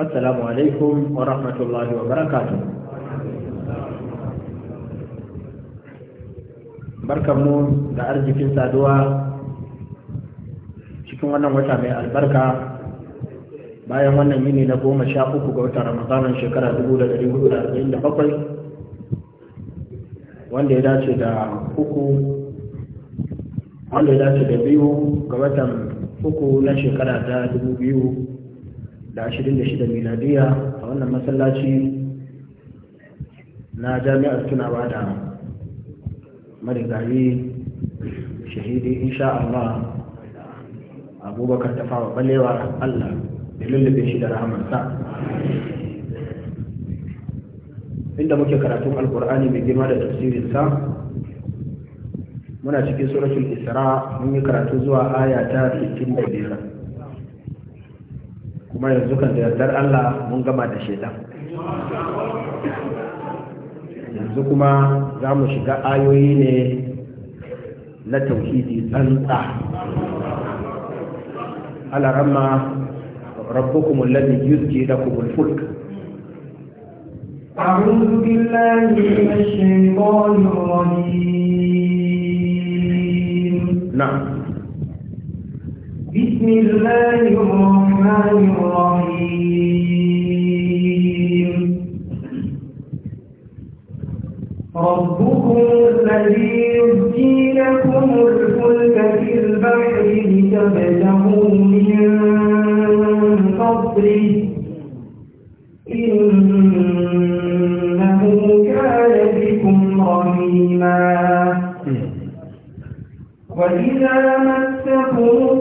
assalamu alaikum wa rahmatullahi wa barakatu mu da arzikin saduwa cikin wannan wata mai albarka bayan wannan yini na goma sha uku ga watan ramadanin shekara 1447 wanda ya dace da uku wanda ya dace da biyu ga watan uku na shekara ta dubu biyu da 26 miladiya a wannan masallaci na jami'ar tunawa da marigayi shahidi insha Allah abubakar Tafawa balewa Allah da lullube shi da rahamarsa inda muke karatun alkur'ani mai girma da tafsirinsa muna cikin suratul isra mun yi karatu zuwa aya ta 65 kuma yanzu kan da Allah mun gama da shaidan yanzu kuma za mu shiga ayoyi ne na tauhidi tsantsa alarama rabbukum alladhi yuzji lakum al-fulk أعوذ بالله من الشيطان الرجيم نعم بسم الله الرحمن الرحيم ربكم الذي يبكي لكم الفلك في البحر لتبتغوا من فضله إنه كان بكم رحيما وإذا مسكم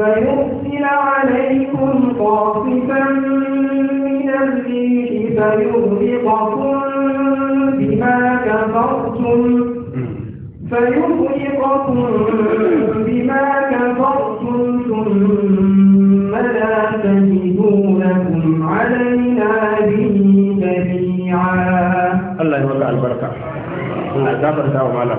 فيرسل عليكم قاصفا من الريح فيغرقكم بما كفرتم فيغرقكم بما كفرتم ثم لا تجدوا لكم علينا به تبيعا الله يوزع البركه الله يغفر له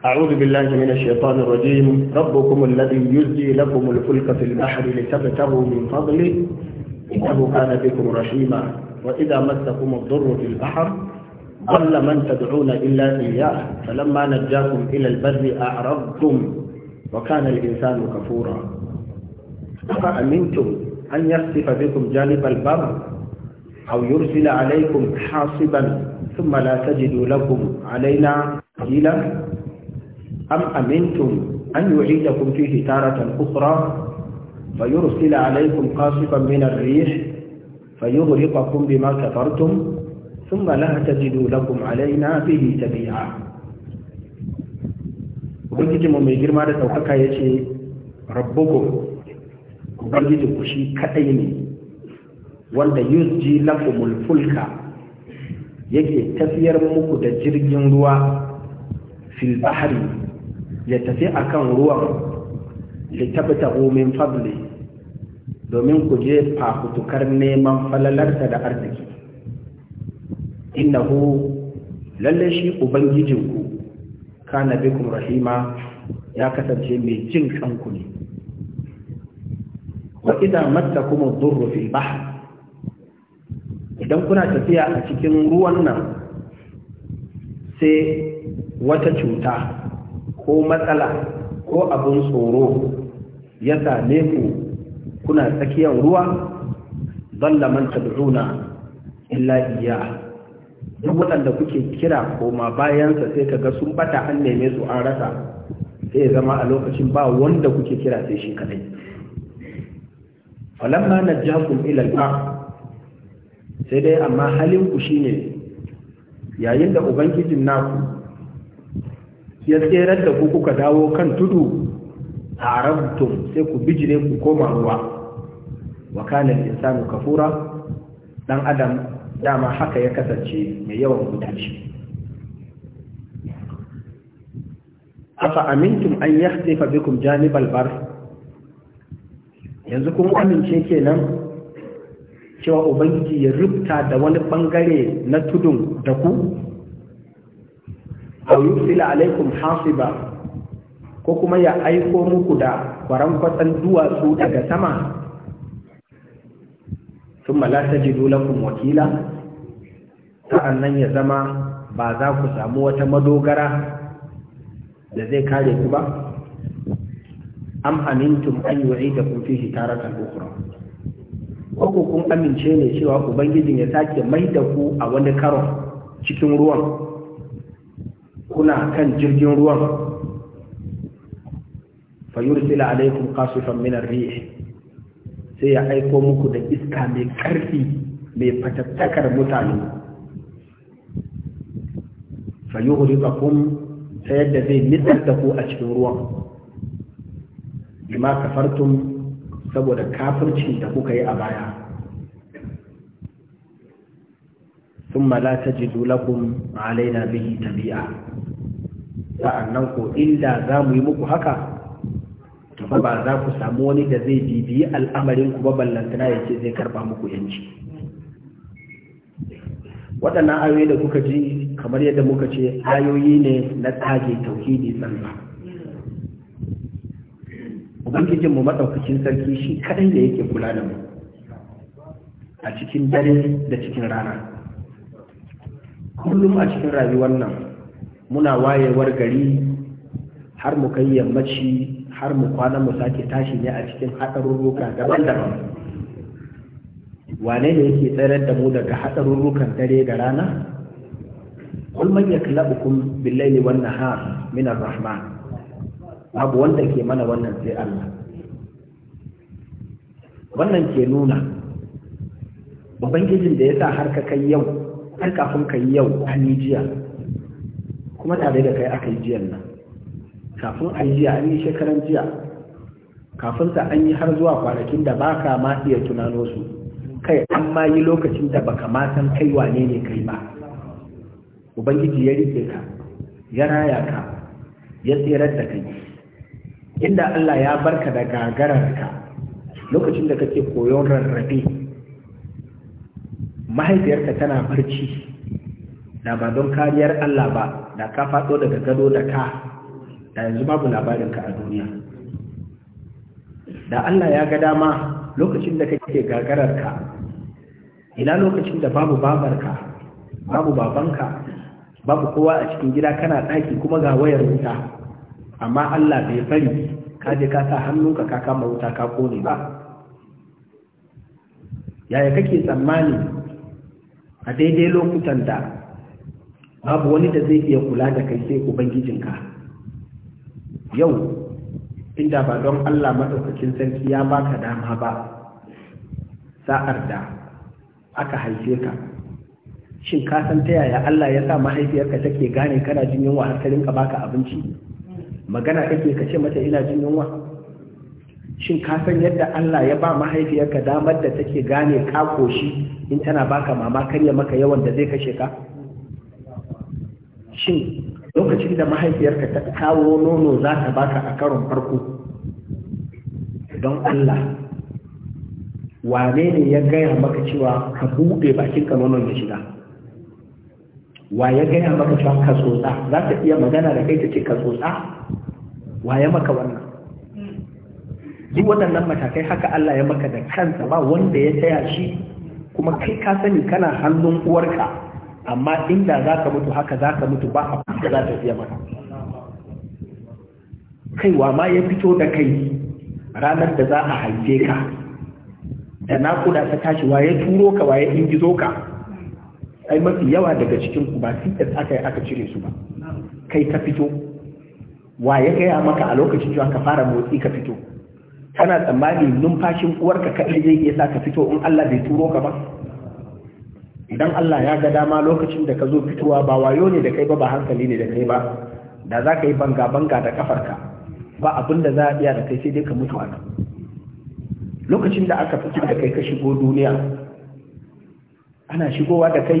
أعوذ بالله من الشيطان الرجيم ربكم الذي يزجي لكم الفلك في البحر لتبتغوا من فضله إنه كان بكم رحيما وإذا مسكم الضر في البحر ضل من تدعون إلا إياه فلما نجاكم إلى البر أعرضتم وكان الإنسان كفورا أفأمنتم أن يخسف بكم جانب البر أو يرسل عليكم حاصبا ثم لا تجدوا لكم علينا قيلا am amintum an yu'idakum fihi taratan ukhra فيرسل عليكم قاصفا من الريح فيغرقكم بما كفرتم ثم لا تجدوا لكم علينا به تبيعا ubangijinmu mai girma da ɗaukaka ya ce rabbuku ubangijinku shi kaɗai ne wanda yusji lakumul fulka yake tafiyar muku da jirgin ruwa fil bahri ya tafi a kan ruwan litabta min domin ku je fafutukar neman falalarsa da arziki innahu lalle shi ubangijinku kana bikum rahima ya kasance mai jin kanku ne wa idan matta kuma zurru fil bahr idan kuna tafiya a cikin ruwan nan sai wata cuta ko matsala ko abin tsoro ya same ku kuna tsakiyar ruwa zalla man tad'una illa iya duk waɗanda kuke kira koma bayansa sai ka ga sun bata an neme su an rasa sai zama a lokacin ba wanda kuke kira sai shi kadai falamma najjakum ila al sai dai amma halin ku shine yayin da ubangijin naku ya tserar da ku kuka dawo kan tudu a rabtum sai ku bijire ku koma ruwa wa kana insanu kafura dan adam dama haka ya kasance mai yawan gudanci afa amintum an yahtifa bikum janibal bar yanzu kun amince kenan cewa ubangiji ya rubuta da wani bangare na tudun da ku aw yusila alaikum hasiba ko kuma ya aiko muku da kwarankwatsan duwatsu daga sama thumma la lakum wakila sa'annan ya zama ba za ku samu wata madogara da zai kare ku ba am amintum an yu'idakum fihi taratan ukhra ko kun amince ne cewa ubangijin ya sake mai da ku a wani karo cikin ruwan kuna kan jirgin ruwan fayursila alaikum qasifan min ar-rih sai ya aiko muku da iska mai karfi mai fatattakar mutane fayughriqakum ta yadda zai nitsar da ku a cikin ruwan bima kafartum saboda kafircin da kuka yi a baya ثم لا تجد لكم علينا به تبيعا sa'annan ko inda za mu yi muku haka tafi ba za ku samu wani da zai bibiyi al'amarin ku ba ballantana ya ce zai karba muku yanci waɗannan ayoyi da kuka ji kamar yadda muka ce ayoyi ne na tage tauhidi tsalla ubangijinmu maɗaukakin sarki shi kaɗai da yake kula da mu a cikin dare da cikin rana kullum a cikin rayuwar nan muna wayewar gari har mu kai yammaci har mu kwana mu sake tashi ne a cikin haɗarurruka daban-daban wane ne yake tsayar da mu daga haɗarurrukan dare da rana ya kula ukun billai ne wannan min ar-rahman babu wanda ke mana wannan sai Allah wannan ke nuna ubangijin da ya sa har ka kai yau har kafin ka yi yau an yi jiya kuma tare da kai aka yi jiyan nan kafin an yi jiya an yi shekaran jiya kafin ta an yi har zuwa kwanakin da ba ka ma iya tunano su kai an ma yi lokacin da baka ma san kai wane ne kai ba ubangiji ya rike ka ya raya ka ya tserar da kai inda Allah ya barka da gagararka lokacin da kake koyon rarrabe mahaifiyarka tana barci da ba don kariyar Allah ba da ka faɗo daga gado da ka da yanzu babu labarinka a duniya da Allah ya ga dama lokacin da kake gagararka ina lokacin da babu babarka babu babanka babu kowa a cikin gida kana ɗaki kuma ga wayar wuta amma Allah bai bari ka je ka sa hannunka ka kama wuta ka kone ba yaya kake tsammani a daidai lokutan da babu wani da zai iya kula da kai sai ubangijinka yau inda ba don allah maɗaukakin sarki ya baka dama ba sa'ar da aka haife ka shin ka san ta yaya allah ya sa mahaifiyarka take gane kana jin yunwa har ka rinka baka abinci magana kake ka ce mata ina jin yunwa shin ka san yadda Allah ya ba mahaifiyarka damar da take gane ka koshi in tana baka mama karya maka yawan da zai kashe ka shin lokacin da mahaifiyarka ta kawo nono za ta baka a karon farko don Allah wane ne ya gaya maka cewa ka buɗe ka nonon ya shiga wa ya gaya maka cewa ka tsotsa za ta iya magana da kai ta ce ka tsotsa wa ya maka wannan duk waɗannan matakai haka Allah ya maka da kansa ba wanda ya taya shi kuma kai ka sani kana hannun uwarka amma inda za ka mutu haka za ka mutu ba a da za ta fiye maka wa ma ya fito da kai ranar da za a haife ka da naƙuda ta tashi wa ya turo ka wa waye ingizo ka ai mafi yawa daga cikin ku ba fitar aka yi aka cire su ba kai ka fito wa ya gaya maka a lokacin cewa ka fara motsi ka fito kana tsammani numfashin uwarka kaɗai zai iya sa ka fito in Allah bai turo ka ba idan Allah ya ga dama lokacin da ka zo fitowa ba wayo ne da kai ba ba hankali ne da kai ba da za ka yi banga banga da kafarka ba abin da za a iya da kai sai dai ka mutu a nan lokacin da aka fito da kai ka shigo duniya ana shigowa da kai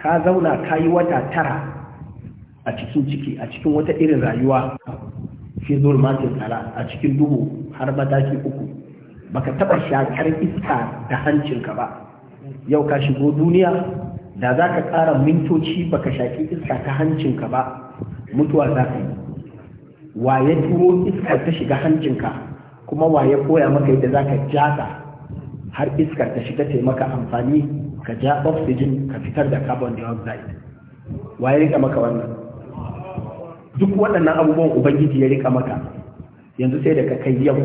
ka zauna ka yi wata tara a cikin ciki a cikin wata irin rayuwa fi zulmatin kala a cikin duhu har mataki uku baka taɓa shakar iska da hancinka ba yau ka shigo duniya da za ka ƙara mintoci baka shaki iska ta hancinka ba mutuwa za ka yi wa ya turo iskar ta shiga hancinka kuma wa ya koya maka yadda za ka jasa har iskar ta shiga ta maka amfani ka ja oxygen ka fitar da carbon dioxide wa ya rika maka wannan duk waɗannan abubuwan ubangiji ya rika maka yanzu sai daga kai yau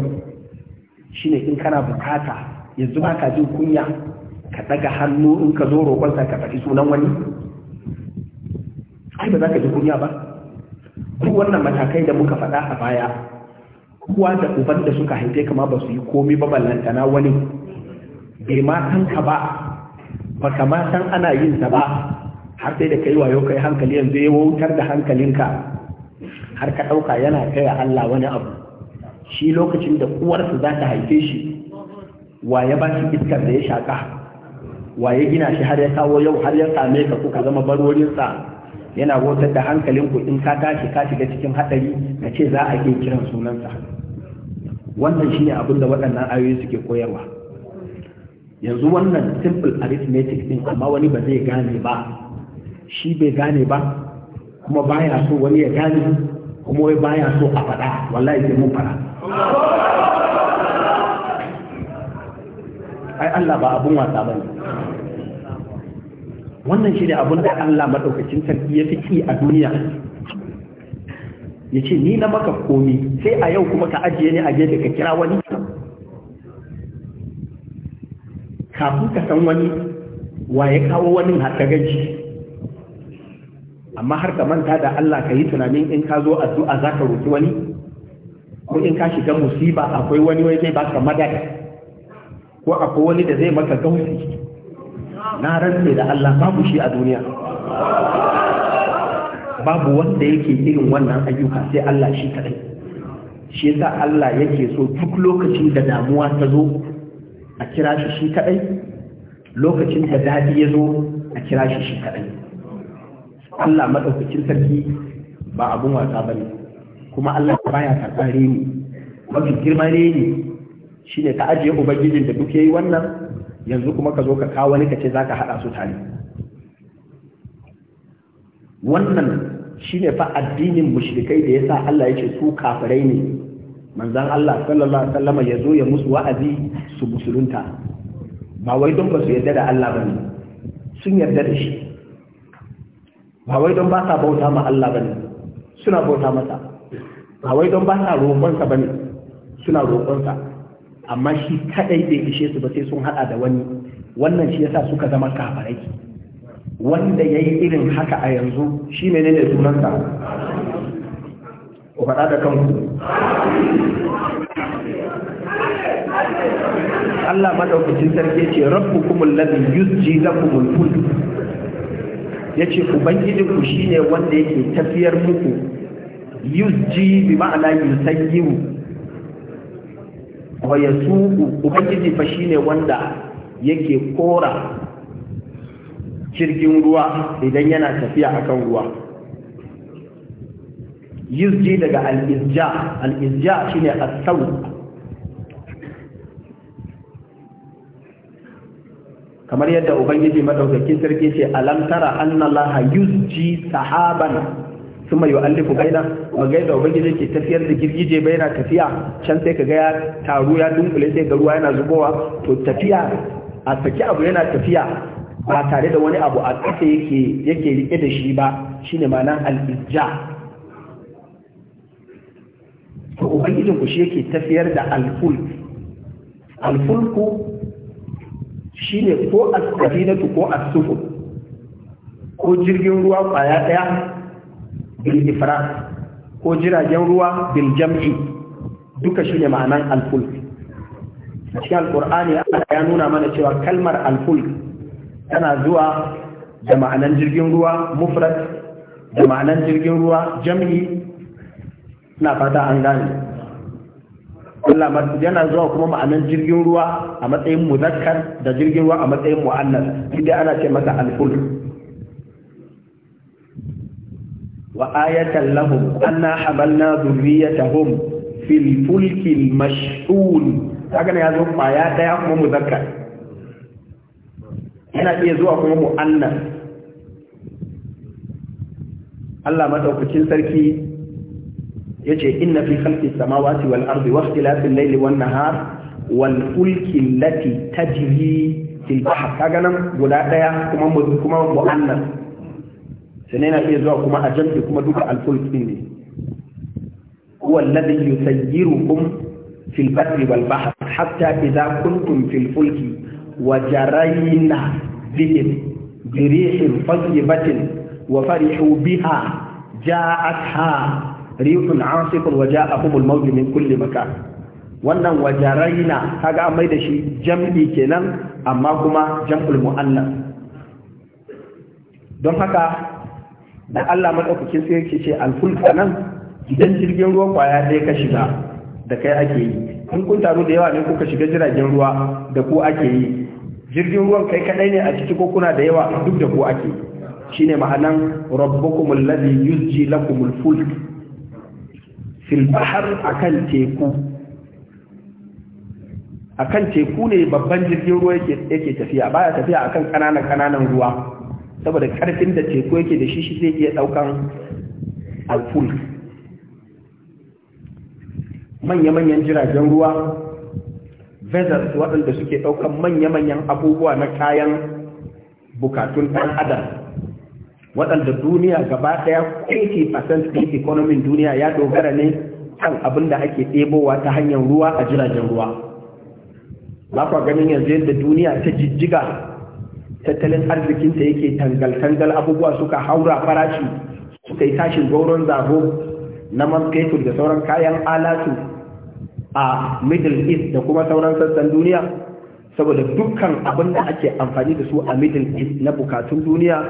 shine in kana bukata yanzu ba ka jin kunya ka daga hannu in ka zo roƙonsa ka faɗi sunan wani ai ba za ka ji kunya ba duk wannan matakai da muka faɗa a baya kuwa da uban da suka haife kama ba su yi komi ba ballantana wani bai ma san ka ba ba ka san ana yin ta ba har sai da kai wayo kai hankali yanzu ya wautar da hankalinka har ka ɗauka yana kai Allah wani abu shi lokacin da uwarsa za ta haife shi wa ya ba shi iskar da ya shaƙa wa ya gina shi har ya kawo yau har ya same ka kuka zama barorinsa yana wutar da hankalinku in ka tashi ka shiga cikin hatsari na ce za a ke kiran sunansa wannan shine abin da waɗannan ayoyi suke koyarwa yanzu wannan simple arithmetic din amma wani ba zai gane ba shi bai gane ba kuma baya so wani ya gane kuma wai baya so a faɗa wallahi sai mun faɗa ai Allah ba abun wasa bane wannan shi ne abun da Allah madaukakin sarki ya fiki a duniya ya ce ni na maka komi sai a yau kuma ka ajiye ni a gefe ka kira wani kafin ka san wani wa ya kawo wani har amma har ka manta da Allah ka yi tunanin in ka zo addu'a za ka roki wani ko in ka shiga musiba akwai wani wai zai baka madad ko akwai wani da zai maka gausi na rantse da Allah babu shi a duniya babu wanda yake irin wannan ayyuka sai Allah shi kadai shi yasa Allah yake so duk lokacin da damuwa ta zo a kira shi shi kadai lokacin da dadi ya zo a kira shi shi kadai Allah madaukakin sarki ba abun wasa bane kuma Allah baya tsare reni mafi girma reni ne ka ajiye ubangijin da duk yayi wannan yanzu kuma ka zo ka kawo wani kace zaka hada su tare wannan ne fa addinin mushrikai da yasa Allah yake su kafirai ne manzon Allah sallallahu alaihi wasallam ya zo ya musu wa'azi su musulunta ba wai don ba su yarda da Allah bane sun yarda da shi ba wai don ba sa bauta ma Allah bane suna bauta masa ba wai don ba sa roƙonsa ba ne suna roƙonsa amma shi kadai bai ishe su ba sai sun haɗa da wani wannan shi yasa suka zama kafarai wanda ya yi irin haka a yanzu shi ne ne sunansa ku faɗa da kanku Allah madaukakin sarki ce rabbu kumul ladhi yusji lakumul fulk yace ubangijinku shine wanda yake tafiyar muku yujji bi ma'ana yusayyiru wa yasuqu ubangiji fa shine wanda yake kora jirgin ruwa idan yana tafiya akan ruwa yuzji daga al-izja al-izja shine as sawu kamar yadda ubangiji madaukakin sarki ce alam tara annallaha sahaban sun mai yu'allifu baina magai da ubangiji ke tafiyar da girgije baina tafiya can sai ka gaya taru ya dunkule sai ga ruwa yana zubowa to tafiya a saki abu yana tafiya ba tare da wani abu a ƙasa yake rike da shi ba shine ma'anar al-ijja to ubangijin ku shi yake tafiyar da al shi ne ko shine ko na safinatu ko as-sufur ko jirgin ruwa ƙwaya ɗaya? bil ko jiragen ruwa bil jam'i duka shine ma'anan al-fulk cikin alqur'ani Allah ya nuna mana cewa kalmar al-fulk tana zuwa da ma'anan jirgin ruwa mufrad da ma'anan jirgin ruwa jam'i na fata an gane Allah yana zuwa kuma ma'anan jirgin ruwa a matsayin muzakkar da jirgin ruwa a matsayin mu'annas idan ana ce masa al-fulk wa ayatan lahum anna hamalna fil fulki al mash'un kaga ne yazo kwaya daya kuma muzakkar yana iya zuwa kuma mu'annas Allah madaukakin sarki yace inna fi khalqis samawati wal arzi wa ikhtilafil layli wan nahar wal fulki allati guda ɗaya kuma kuma sannan na iya zuwa kuma a jamfi kuma duka alfulkin ne huwa alladhi yusayyirukum fil barri wal bahr hatta idza kuntum fil fulki wa jarayna bihim bi rihin tayyibatin wa farihu biha ja'atha rihun 'asifun wa ja'ahum al mawj min kulli makan wannan wa jarayna kaga an mai da shi jam'i kenan amma kuma jam'ul mu'annas don haka da Allah madaukakin sai yake ce alfulka nan idan jirgin ruwa kwaya ɗaya ka shiga da kai ake yi in kun taru da yawa ne kuka shiga jiragen ruwa da ku ake yi jirgin ruwan kai kadai ne a ciki ko kuna da yawa duk da ku ake yi shine ma'anan rabbukum ladhi yusji lakum alfulk fil bahr akan teku akan teku ne babban jirgin ruwa yake yake tafiya baya tafiya akan kananan kananan ruwa saboda karfin da teku yake da shi shi zai iya daukan alful manya-manyan jiragen ruwa vessels waɗanda suke ɗaukan manya-manyan abubuwa na kayan bukatun ɗan adam waɗanda duniya gaba ɗaya 80% ɗin economy duniya ya dogara ne kan abinda ake ɗebowa ta hanyar ruwa a jiragen ruwa ba ganin yanzu yadda duniya ta jijjiga tattalin arzikinta yake tangal-tangal abubuwa suka haura farashi suka yi tashin gauron zabo na man fetur da sauran kayan alatu a middle east da kuma sauran sassan duniya saboda dukkan abin da ake amfani da su a middle east na bukatun duniya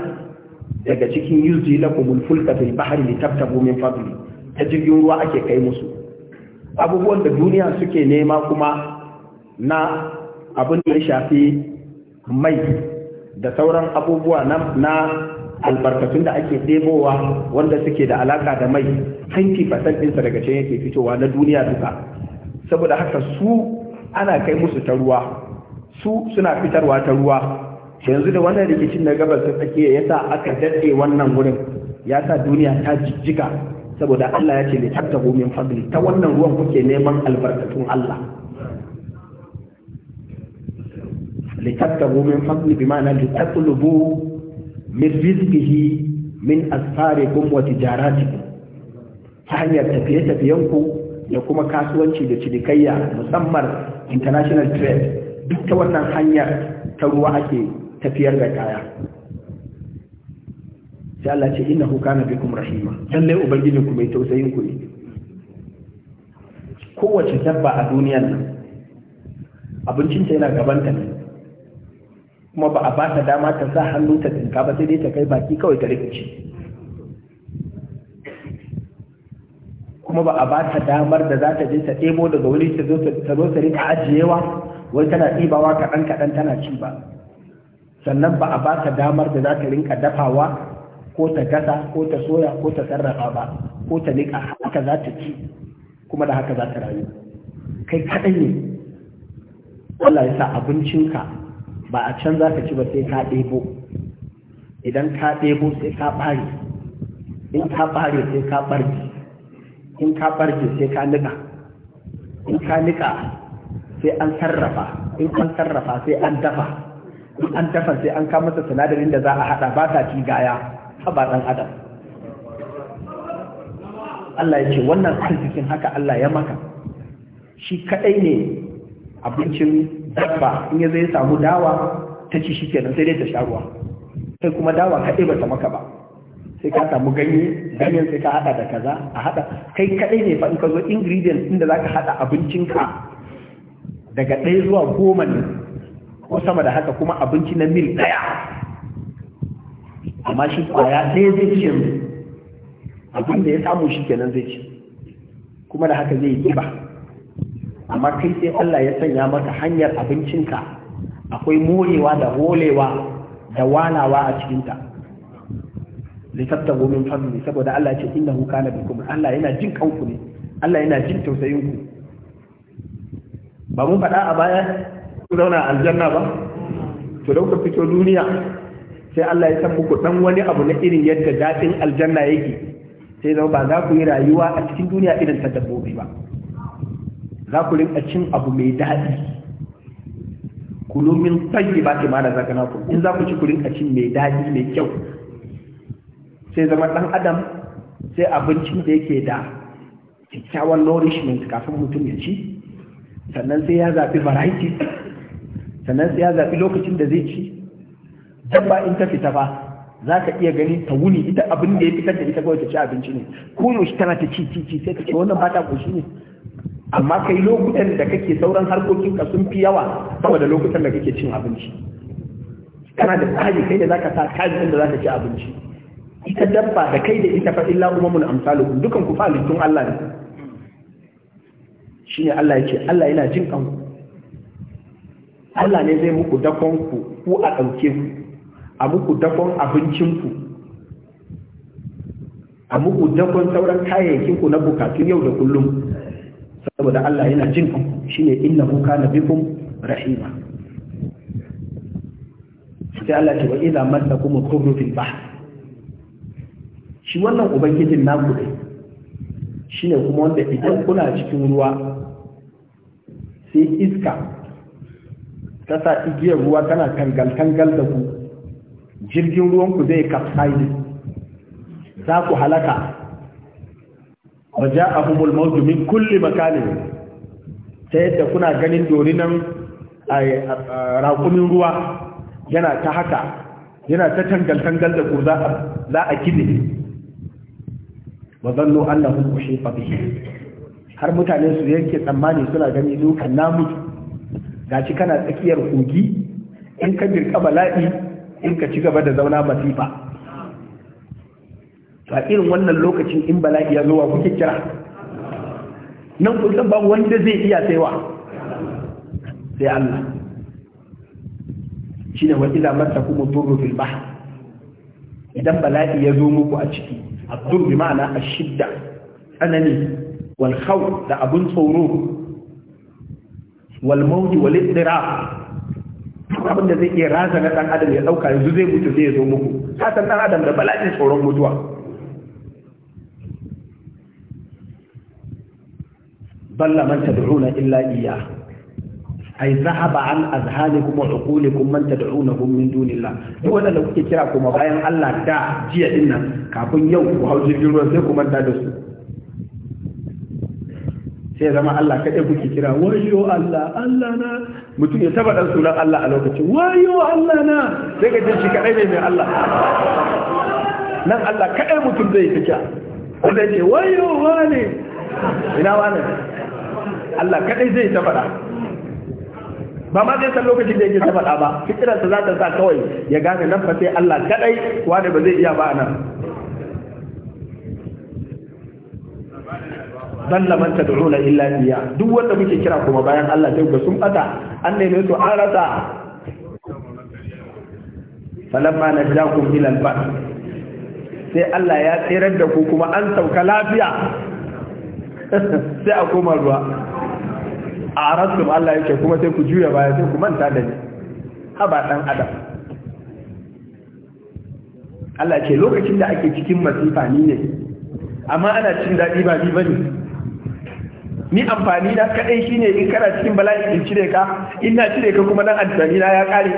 daga cikin yuzi na kumul fulka fil bahari li tabtabu min fadli ta jirgin ruwa ake kai musu abubuwan da duniya suke nema kuma na abin da ya shafi mai da sauran abubuwa na albarkatun da ake ɗebowa wanda suke da alaka da mai hanki fasan ɗinsa daga can yake fitowa na duniya duka saboda haka su ana kai musu ta ruwa su suna fitarwa ta ruwa yanzu da wannan rikicin na gabas ta tsakiya sa aka daɗe wannan wurin ya sa duniya ta jijjiga saboda Allah ya ce ne tabtahu min fadli ta wannan ruwan kuke neman albarkatun Allah litabtagu min fadli bima'ana litatlubu min rizqihi min asfarikum wa tijaratikum ta hanyar tafiye-tafiyen ku da kuma kasuwanci da cinikayya musamman international trade duk ta wannan hanyar ta ruwa ake tafiyar da kaya sai Allah kuka na kana bikum rahima lalle ubangijin ku mai tausayin ku ne kowace dabba a duniyar nan abincin ta yana gabanta ne kuma ba a ba ta dama ta sa hannu ta tsinka ba sai dai ta kai baki kawai ta rikici kuma ba a ba ta damar da za ta je ta ɗebo daga wuri ta zo ta rika ajiyewa wai tana ɗibawa kaɗan kaɗan tana ci ba sannan ba a ba ta damar da za ta rinka dafawa ko ta gasa ko ta soya ko ta sarrafa ba ko ta niƙa haka za ta ci kuma da haka za ta rayu kai kaɗai ne Allah ya sa abincinka ba a can za ka ci ba sai ka ɗebo idan ka ɗebo sai ka ɓare in ka ɓare sai ka ɓarge in ka ɓarge sai ka niƙa in ka niƙa sai an sarrafa in an sarrafa sai an dafa in an dafa sai an kama masa sinadarin da za a haɗa ba ta ci gaya haɓa ɗan adam Allah ya ce wannan arzikin haka Allah ya maka shi kaɗai ne abincin dabba in ya zai samu dawa ta ci shikenan sai dai ta sha ruwa sai kuma dawa kaɗai ba ta maka ba sai ka samu ganye ganyen sai ka haɗa da kaza a haɗa kai kaɗai ne fa in ka zo ingredients inda za ka haɗa abincinka daga ɗaya zuwa goma ne ko sama da haka kuma abinci na mil ɗaya amma shi kwaya ɗaya zai ci yanzu abin da ya samu shi kenan zai ci kuma da haka zai yi ba amma kai sai Allah ya sanya maka hanyar abincinka akwai morewa da holewa da walawa a cikinta littattabu min fadli saboda Allah ya ce innahu kana bikum Allah yana jin kanku ne Allah yana jin tausayin ku ba mun faɗa a baya ku zauna aljanna ba to da kuka fito duniya sai Allah ya san muku dan wani abu na irin yadda daɗin aljanna yake sai zama ba za ku yi rayuwa a cikin duniya irin ta dabbobi ba za ku rinka cin abu mai daɗi Ku min tsayi ba ke mara zaka naku in za ku ci ku rinka cin mai daɗi mai kyau sai zama ɗan adam sai abincin da yake da kyakkyawan nourishment kafin mutum ya ci sannan sai ya zaɓi variety sannan sai ya zaɓi lokacin da zai ci dabba in ta fita ba za ka iya gani ta wuni ita abin da ya fitar da ita kawai ta ci abinci ne ko yaushe tana ta ci ci ci sai ta ce wannan ba ta koshi ne amma kai lokutan da kake sauran harkokin ka sun fi yawa saboda da lokutan da kake cin abinci kana da tsari kai da zaka sa tsari da zaka ci abinci ita dabba da kai da ita fa illa umamun amsalukum dukan ku falitun Allah ne shine Allah yace Allah yana jin kanku Allah ne zai muku dakon ku ku a ɗauke ku a muku dakon abincin ku a muku dakon sauran kayayyakin ku na bukatun yau da kullum saboda Allah yana jin ku shine innahu kana bikum rahima sai Allah ce wa idza masakum ad fil bahr shi wannan ubangijin naku ne shine kuma wanda idan kuna cikin ruwa sai iska ta sa igiyar ruwa tana tangal-tangal da ku jirgin ruwanku zai capsize za ku halaka wa a mawtu min kulli makanin ta yadda kuna ganin dorinan rakumin ruwa yana ta haka yana ta tangal-tangal da kuza za a kide wa zallo allahun kushe fabi har mutane su yanke tsammani suna gani dukan namu ga kana tsakiyar kogi in ka birka bala'i in ka ci gaba da zauna masifa to a irin wannan lokacin in bala'i ya zo wa kuke kira nan kun san ba wanda zai iya saiwa sai Allah shine wa idza masakum kuma fil bahr idan bala'i ya zo muku a ciki a dhurr bi ma'ana shidda tsanani, wal khawf da abun tsoro wal mawt wal abin da zai iya raza na dan adam ya ɗauka yanzu zai mutu zai zo muku kasan dan adam da bala'in tsoron mutuwa balla man tad'una illa iyyah ay zahaba an azhalikum wa uqulikum man tad'unahum min dunillah duk wanda da kuke kira kuma bayan Allah da jiya din nan kafin yau ku hau jirgin ruwa sai ku manta da su sai zama Allah kaɗai kuke kira wayo Allah Allah na mutum ya taba dan sunan Allah a lokacin wayo Allah na sai ka shi kaɗai ne mai Allah nan Allah kaɗai mutum zai fita wanda yake wayo wane ina wane Allah kadai zai ta faɗa ba ma zai san lokacin da yake ta faɗa ba sa za ta sa kawai ya gane nan fa sai Allah kadai wanda ba zai iya ba nan dalla man tad'una illa iya duk wanda muke kira kuma bayan Allah sai ga sun bata an ne su an rasa falamma najakum ila al-bahr sai Allah ya tsirar da ku kuma an sauka lafiya sai a koma ruwa a rasulun Allah yake kuma sai ku juya baya sai ku manta da ni haba dan adam Allah ce lokacin da ake cikin masifa ni ne amma ana cin daɗi ba ni bane ni amfani na kadai shine in kana cikin bala'i in cire ka in na cire ka kuma dan amfani na ya kare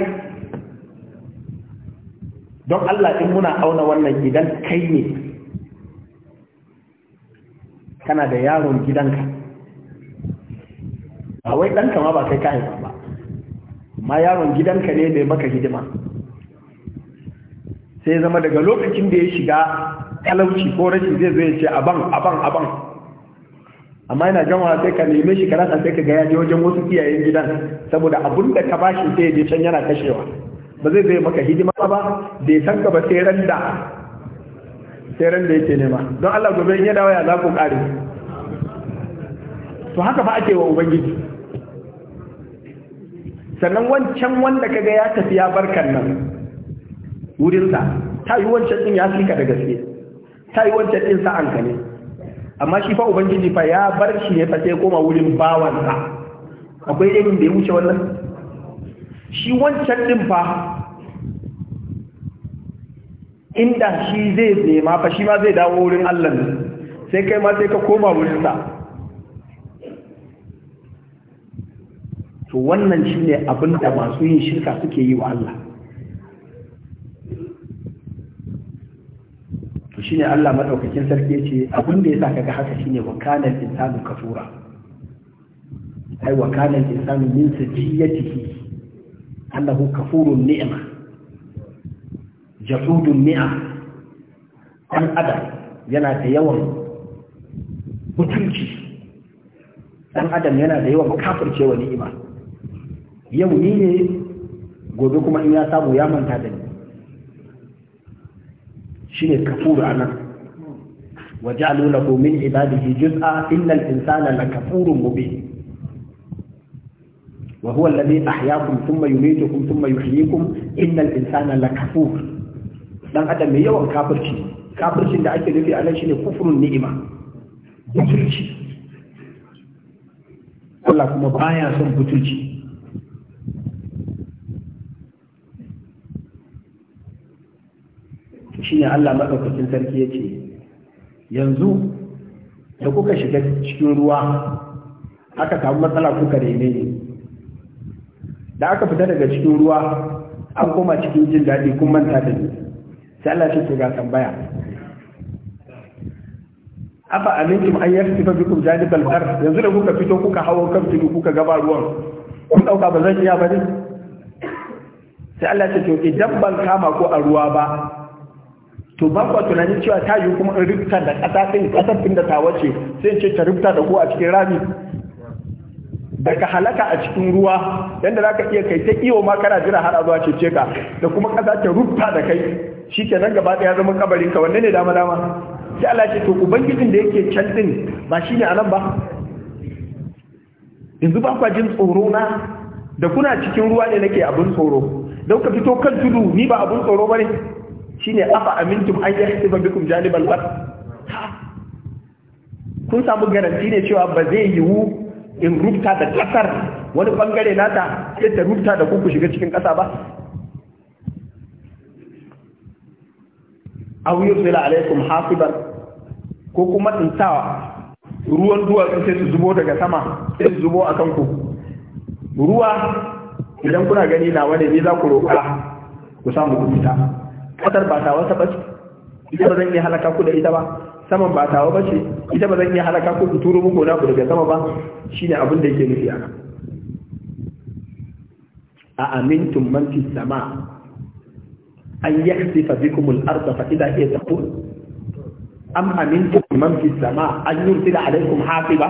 don Allah in muna auna wannan gidan kai ne kana da yaron gidanka a wai ɗanka ma ba kai ka haifa ba ma yaron gidanka ne mai maka hidima sai zama daga lokacin da ya shiga talauci ko rashin zai zo ya ce aban aban aban amma yana jama'a sai ka nemi shi karasa sai ka ga ya je wajen wasu iyayen gidan saboda abunda ka bashi sai ya je can yana kashewa ba zai zai maka hidima ba bai san ka ba sai randa da sai randa yake nema don Allah gobe in ya dawo ya za ku kare to haka ba ake wa ubangiji sannan wancan wanda kaga ya tafi ya barkan nan wurinsa ta yi wancan din ya sika da gaske ta yi wancan din sa ka ne amma shi fa ubangiji fa ya bar shi ne fa sai koma wurin bawansa akwai irin da ya wuce wannan shi wancan din fa inda shi zai nema fa shi ma zai dawo wurin Allah sai kai ma sai ka koma wurin sa to wannan ne abin da masu yin shirka suke yi wa Allah to shi ne Allah madaukakin sarki ce abin da sa kaga haka shine ne kana insanu kafura ai wa kana insanu min sajiyatihi annahu kafurun ni'ma jahudun ni'a an adam yana da yawan mutunci dan adam yana da yawan kafircewa ni'ima yau ni ne gobe kuma in ya samu ya manta da ni shine kafuru a anan waja'alu lahu min ibadihi juz'a innal insana lakafurun mubin وهو الذي أحياكم ثم يميتكم ثم يحييكم إن الإنسان لكفور dan adam mai yawan kafirci kafircin da ake nufi a nan shine kufrun ni'ima butulci Allah kuma baya son butulci shine Allah maɗaukakin sarki ya ce. yanzu da kuka shiga cikin ruwa aka samu matsala kuka reme ne da aka fita daga cikin ruwa an koma cikin jin daɗi kun manta da ni sai Allah shi ga tambaya afa amintum an yartifa bikum jani ard yanzu da kuka fito kuka hawo kan tudu kuka gaba ruwan kun ɗauka ba zan iya ba ne sai Allah ya ce to idan ban kama ko a ruwa ba to ba kwa tunanin cewa ta yi kuma in rubuta da ƙasa ɗin ƙasar ɗin da ta wace sai ce ta rubuta da ku a cikin rami daga halaka a cikin ruwa yadda za ka iya kai ta iyo ma kana jira har a zuwa cece ka da kuma ƙasa ta rubuta da kai shi ke nan gaba ɗaya zama kabarin ka wanne ne dama dama sai Allah ce to ubangijin da yake can ɗin ba shi ne a nan ba yanzu ba kwa jin tsoro na da kuna cikin ruwa ne nake abin tsoro don ka fito kan tudu ni ba abin tsoro ba ne Shi ne afa amintum an yahsiba bikum janibal bar kun samu garanti ne cewa ba zai yiwu in rubuta da kasar wani bangare nata sai ta rubuta da kuku shiga cikin kasa ba aw yursila alaikum hasiban ko kuma tsintawa ruwan duwatsu sai su zubo daga sama sai su zubo a kanku ruwa idan kuna gani na wani ne za ku roƙa ku samu ku fita kasar ba tawa ta bace ita ba zan iya halaka ku da ita ba saman ba tawa bace ita ba zan iya halaka ku turo muku na ku daga sama ba shine abin da yake nufi aka a amintum man fi sama an yakhsifa bikum al-ardha fa idha hiya taqul am amintum man fi sama an yursila alaykum haqiba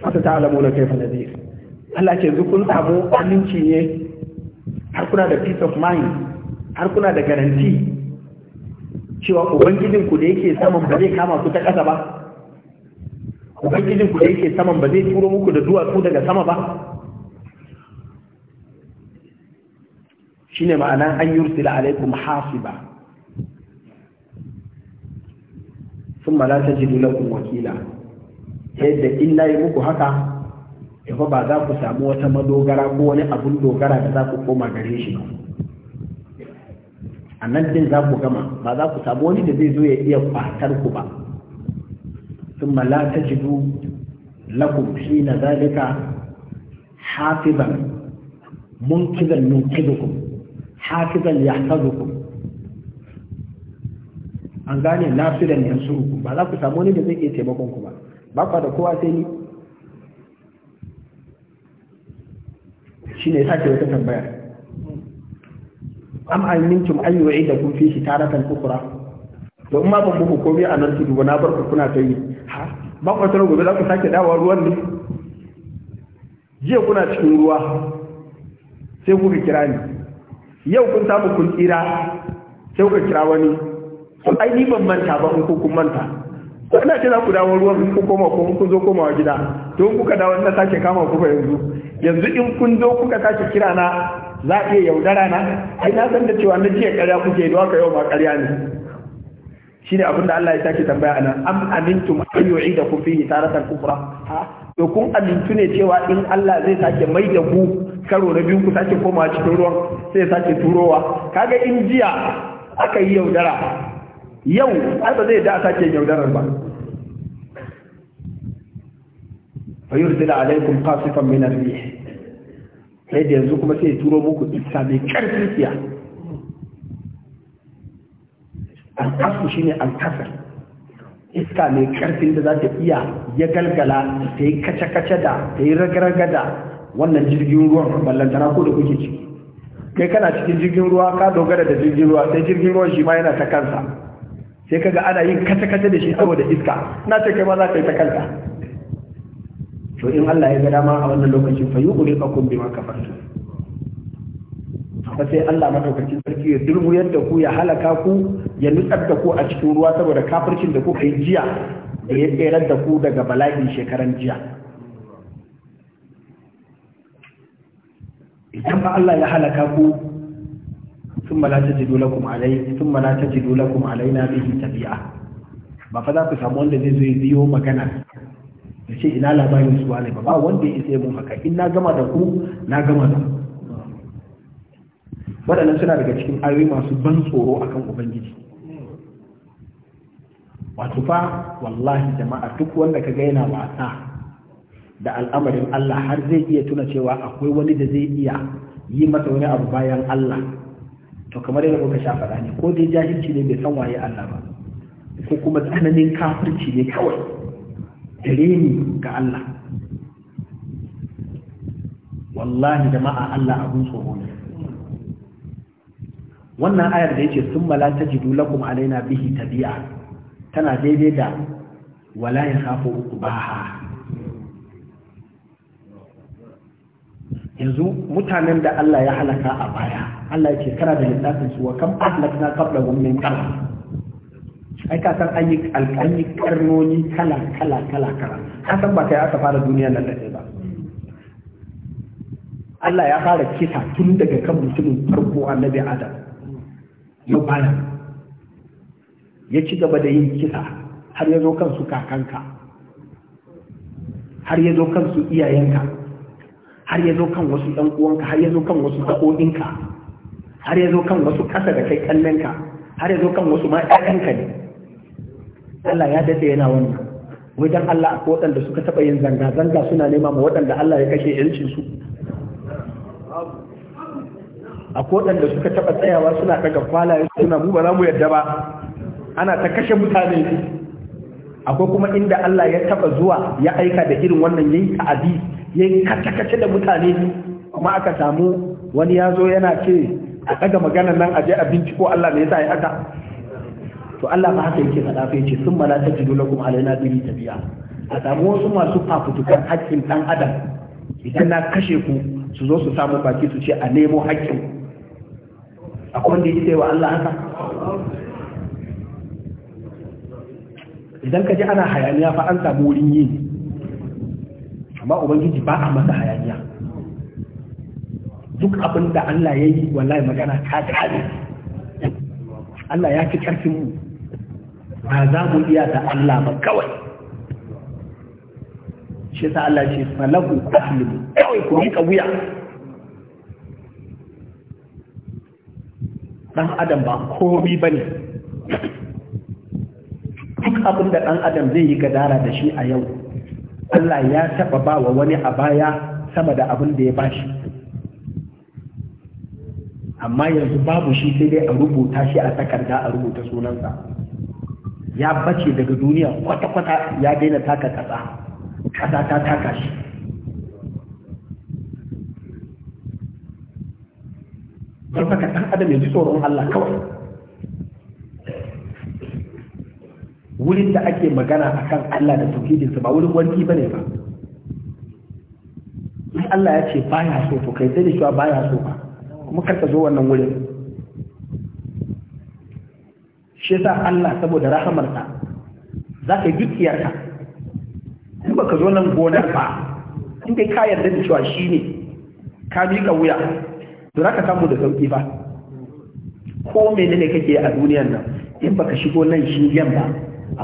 fa ta'lamuna kayfa nadhir Allah ke zukun samu aminci ne har kuna da peace of mind har kuna da garanti cewa ubangijin ku da yake saman ba zai kama ku ta ƙasa ba ubangijin ku da yake saman ba zai turo muku da duwatsu daga sama ba shine ma'ana an yursila alaikum hasiba thumma la tajidu lakum wakila yadda in nayi muku haka yafa ba za ku samu wata madogara ko wani abun dogara da za ku koma gare shi ba a nan din za ku gama ba za ku samu wani da zai zo ya iya kwatar ku ba sun la tajidu lakum shi na zalika hafizan munkizan yunkizukum hafizan yahfazukum an gane nafiran yansurukum ba za ku samu wani da zai iya taimakon ku ba ba ku da kowa sai ni shine sake wata tambaya am amintum an kun fi shitaratan ukhra to in ma ban muku komai a nan tudu na barka kuna ta yi ha ba ku tsaro gobe za ku sake dawowa ruwan ne jiya kuna cikin ruwa sai kuka kira ni yau kun samu kun tsira sai kuka kira wani to ai ni ban manta ba in ku kun manta ko ina ce za ku dawo ruwan ku koma ko kun zo komawa gida to in kuka dawo na sake kama ku fa yanzu yanzu in kun zo kuka sake kira na za a iya yaudara na ai na san da cewa na jiya ƙarya kuke don haka yau ba ƙarya ne Shi ne abinda Allah ya sake tambaya an am ma an ne tare da kufura to kun amintu ne cewa in Allah zai sake mai da ku karo na biyu ku sake komawa cikin ruwan sai sake turowa kaga in jiya aka yi yaudara yau ai ba zai da sake yaudarar ba fa yursila alaikum qasifan min ar-rih sai da yanzu kuma sai turo muku iska mai karfin tsiya shi ne alkasar iska mai karfin da za ta iya ya galgala ta yi kace-kace da ta yi ragaraga da wannan jirgin ruwan ballantana ko da kuke ciki kai kana cikin jirgin ruwa ka dogara da jirgin ruwa sai jirgin ruwan shi ma yana ta kansa sai kaga ana yin kace-kace da shi saboda iska na ce kai ma za ka yi ta kanta. to in Allah ya ga dama a wannan lokacin, fa yi bi maka kafartum fa sai Allah madaukakin sarki ya durmuyar yadda ku ya halaka ku ya nutsar da ku a cikin ruwa saboda kafircin da kuka yi jiya da ya tserar da ku daga bala'in shekaran jiya idan ba Allah ya halaka ku sun mala ta jido lakum alai sun mala ta jido lakum na bihi tabi'a ba fa za ku samu wanda zai zo biyo magana ya ce ina labarin su wane ba ba wanda ya isa mun haka in na gama da ku na gama da waɗannan suna daga cikin ayoyi masu ban tsoro akan ubangiji wato fa wallahi jama'a duk wanda ka ga yana wasa da al'amarin Allah har zai iya tuna cewa akwai wani da zai iya yi masa wani abu bayan Allah to kamar yadda kuka sha faɗa ne ko dai jahilci ne bai san waye Allah ba ko kuma tsananin kafirci ne kawai gare ni ga Allah wallahi jama'a Allah abun tsoro ne wannan ayar da yake sun mala ta jidu lakum alaina bihi tabi'a tana daidai da wala ya safu uqbaha yanzu mutanen da Allah ya halaka a baya Allah yake kara da lissafin su wa kam ahlakna qablahum min qarn ai ka san an yi alƙanyi karnoni kala kala kala kala ka san ba kai aka fara duniya nan da kai ba Allah ya fara kisa tun daga kan mutumin farko annabi Adam ya bana ya ci gaba da yin kisa har ya zo kan su kakanka har ya zo kan su iyayenka har ya zo kan wasu ɗan uwanka har ya zo kan wasu ƙaƙoƙinka har ya zo kan wasu ƙasa da kai kallonka har ya zo kan wasu ma ƴaƴanka ne Allah ya dade yana wannan wajen Allah akwai waɗanda suka taɓa yin zanga-zanga suna nema ma waɗanda Allah ya kashe yancinsu akwai waɗanda suka taɓa tsayawa suna daga kwalaye suna mu ba za mu yadda ba ana ta kashe mutane akwai kuma inda Allah ya taɓa zuwa ya aika da irin wannan yayi ta'adi yayi kace-kace da mutane kuma aka samu wani ya zo yana ce a ɗaga maganar nan a je a binciko Allah ne ya sa ya haka to Allah ba haka yake faɗa fa yace sun mala ta jidu lakum alaina bihi tabi'a a samu wasu masu fafutukan haƙƙin ɗan adam idan na kashe ku su zo su samu baki su ce a nemo haƙƙin akwai wanda yake wa Allah haka idan ka ji ana hayaniya fa an samu wurin yi amma ubangiji ba a masa hayaniya duk abin da Allah ya yi wallahi magana ta kare Allah ya fi ƙarfin mu ba za mu iya da Allah ba kawai shi sa Allah ce falahu ahlimu kawai ku rika wuya dan adam ba komi bane duk abin da dan adam zai yi gadara da shi a yau Allah ya taɓa ba wa wani a baya sama da abin da ya bashi amma yanzu babu shi sai dai a rubuta shi a takarda a rubuta sunansa ya bace daga duniya kwata-kwata ya daina taka kasa kasa ta taka shi don haka ɗan adam ya ji tsoron Allah kawai wurin da ake magana a kan Allah da tukidinsa ba wurin warki ne ba in Allah ya ce baya so to kai sai da ba baya so ba kuma karka zo wannan wurin shi yasa Allah saboda rahamarsa za ka yi dukiyarka in baka zo nan gonar ba in dai ka yarda da cewa shi ne ka miƙa wuya to za ka samu da sauƙi ba ko menene kake a duniyar nan in baka shigo nan shi shingen ba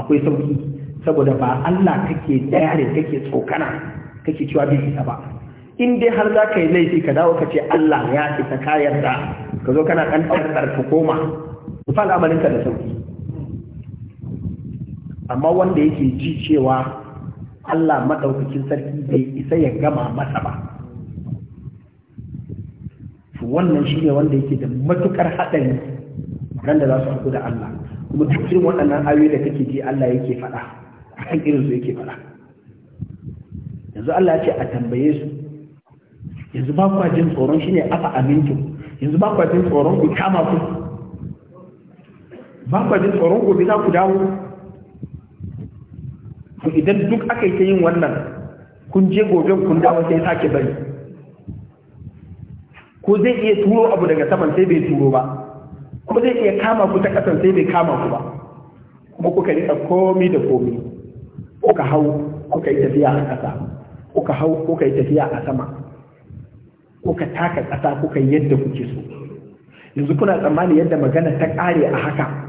akwai sauƙi saboda ba Allah kake dare kake tsokana kake cewa bai isa ba in dai har za ka yi laifi ka dawo ka ce Allah ya isa ka yarda ka zo kana ɗan ɗarɗar ka koma fa al'amarin ka da sauki amma wanda yake ji cewa Allah madaukakin sarki bai isa ya gama masa ba to wannan shine wanda yake da matukar hadari ran da za su haku da Allah kuma duk irin waɗannan ayoyi da kake ji Allah yake faɗa akan irin su yake faɗa yanzu Allah ya ce a tambaye su yanzu ba kwa jin tsoron shi ne afa amintu yanzu ba kwa jin tsoron ku kama ku ba jin tsoron gobe za ku dawo to idan duk aka yi ta yin wannan kun je goben kun dawo sai sake bari ko zai iya turo abu daga saman sai bai turo ba ko zai iya kama ku ta kasan sai bai kama ku ba kuma kuka rika komi da komi kuka hau kuka yi tafiya a ƙasa kuka hau kuka yi tafiya a sama kuka taka ƙasa kuka yi yadda kuke so yanzu kuna tsammani yadda magana ta ƙare a haka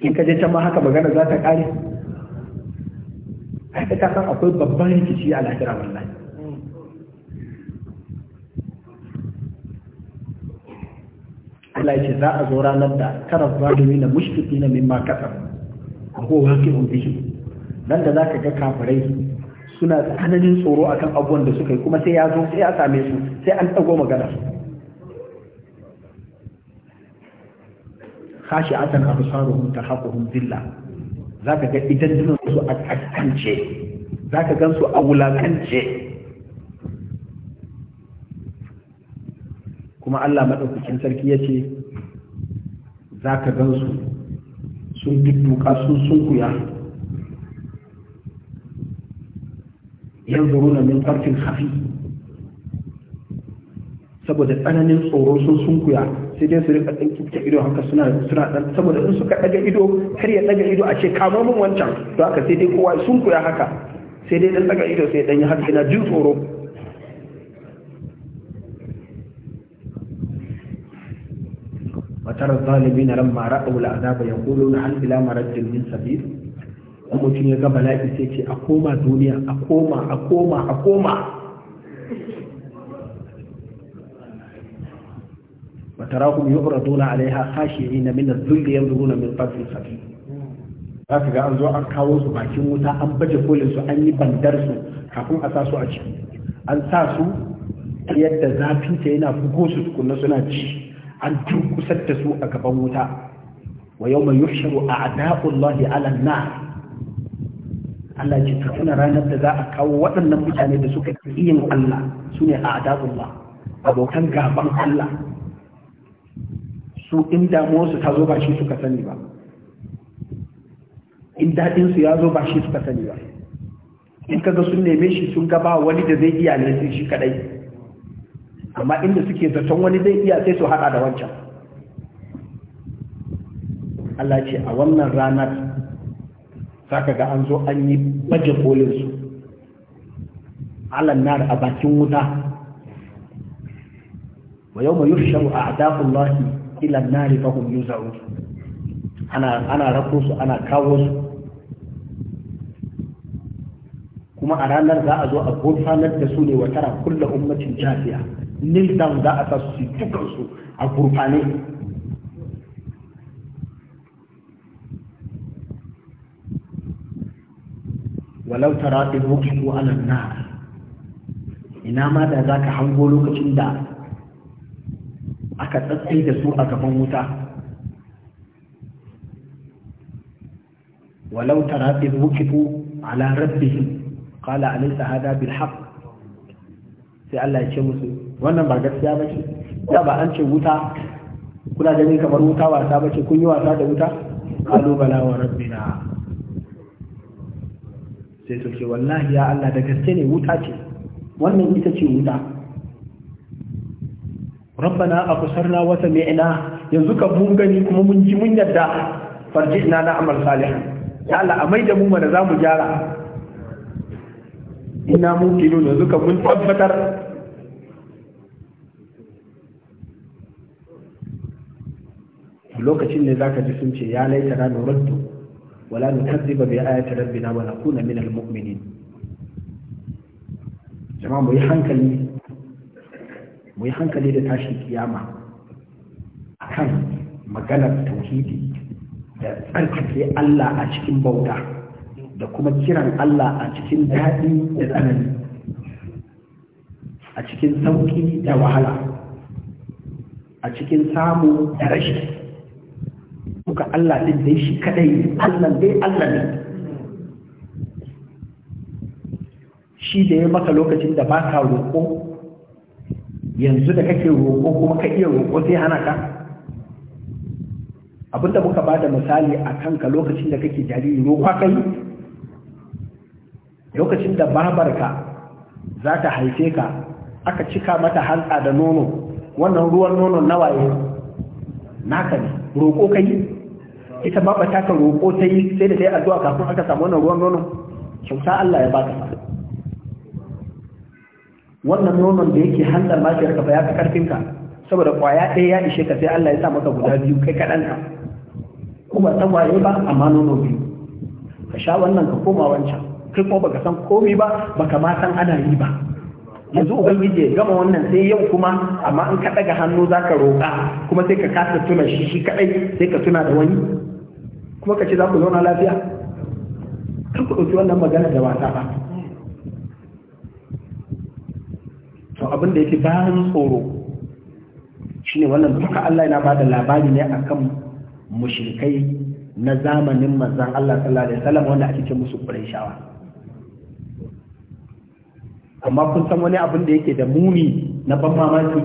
in ka je can ma haka magana za ta kare ai ka san akwai babban rikici a lahira wallahi Allah ce za a zo ranar da karar zalimi na mushkiki na mimma kasar ko wake bihi nan da zaka ga kafirai suna tsananin tsoro akan abubuwan da suka yi kuma sai ya zo sai ya same su sai an dago magana su kashi atan absaruhum tahaquhum zilla zaka ga idan su a kaskance zaka su a wulakance kuma Allah madaukakin sarki ya ce za ka gan su sun dudduka sun sunkuya yanzu runa min farkin hafi saboda tsananin tsoro sun sunkuya sai dai su rika ɗan kifta ido haka suna suna ɗan saboda in suka ɗaga ido har ya ɗaga ido a ce kama min wancan to haka sai dai kowa sunkuya haka sai dai ɗan ɗaga ido sai ɗan yi haka yana jin tsoro وترى الظالمين لما رأوا العذاب يقولون هل إلى مرد من سبيل mutum ya ga bala'i sai ce a koma duniya a koma a koma a koma tarahum yu'raduna 'alaiha khashi'ina min adh-dhilli yanzuruna min fadlin khabir za ga an zo an kawo su bakin wuta an baje kolin su an yi bandar su kafin a sa su a ciki an sa su yadda zafi ta yana fuko su tukunna suna ci an durkusar da su a gaban wuta wa yau mai yushiru a adaƙullahi alan na Allah ce ta tuna ranar da za a kawo waɗannan mutane da suka yin Allah su ne a abokan gaban Allah su in damuwarsu ta zo ba shi suka sani ba in daɗinsu ya zo ba shi suka sani ba in kaga sun neme shi sun gaba wani da zai iya nesin shi kadai amma inda suke zaton wani zai iya sai su haɗa da wancan Allah ce a wannan ranar za ka ga an zo an yi baje kolinsu alan nar a bakin wuta wa yau mai yusharu a adafin lafi ila nari fa hum ana ana rako su ana kawo su kuma a ranar za a zo a gurfanar da su ne wa tara kulla ummatin jafiya nil dan za a sa su dukan su a gurfane walau tara in ko ala nar ina ma da zaka hango lokacin da aka tsatsai da su a gaban wuta walau tara in wukifu ala rabbihim qala alaysa hada bil haqq sai Allah ya ce musu wannan ba gaskiya ba ce Ya ba an ce wuta kuna ganin kamar wuta wasa ba ce kun yi wasa da wuta qalu bala wa rabbina sai su ce wallahi ya Allah da gaske ne wuta ce wannan ita ce wuta rabbana absarna wa sami'na yanzu ka mun gani kuma mun ji mun yadda farji'na na amal salihan ya Allah amai da mu mana zamu gyara ina muqinun yanzu ka mun tabbatar lokacin ne zaka ji sun ce ya laita na nuraddu wala nukazziba bi ayati rabbina wa nakuna minal mu'minin jama'a mu yi hankali mu hankali da tashin kiyama kan maganar tauhidi da tsarkake Allah a cikin bauta da kuma kiran Allah a cikin daɗi da tsanani a cikin sauƙi da wahala a cikin samu da rashi kuka Allah ɗin dai shi kaɗai Allah dai Allah ne shi da ya maka lokacin da ba ka roƙo yanzu da kake roƙo kuma ka iya roƙo sai hana ka abinda muka ba da misali a kanka lokacin da kake jariri roƙo ka yi lokacin da babarka za ta haife ka aka cika mata hantsa da nono wannan ruwan nono nawaye naka ne roƙo ka yi ita ma ba ta ka roƙo ta yi sai da ta yi addu'a kafin aka samu wannan ruwan nono kyauta Allah ya baka wannan nonon da yake hantar lafiyar kafa ya fi karfin saboda kwaya ɗaya ya ishe ka sai Allah ya sa maka guda biyu kai kaɗan ka kuma ta waye ba amma nono biyu ka sha wannan ka koma wancan kai kuma baka san komi ba baka ma san ana yi ba yanzu ubangiji ya gama wannan sai yau kuma amma in ka ɗaga hannu ka roƙa kuma sai ka kasa tuna shi shi kaɗai sai ka tuna da wani kuma ka ce za ku zauna lafiya kar ku ɗauki wannan magana da wasa ba to abin da yake bayan tsoro ne wannan duka Allah yana bada labari ne akan mushrikai na zamanin manzon Allah sallallahu alaihi wasallam wanda ake ce musu Qurayshawa amma kun san wani abin da yake da muni na ban mamaki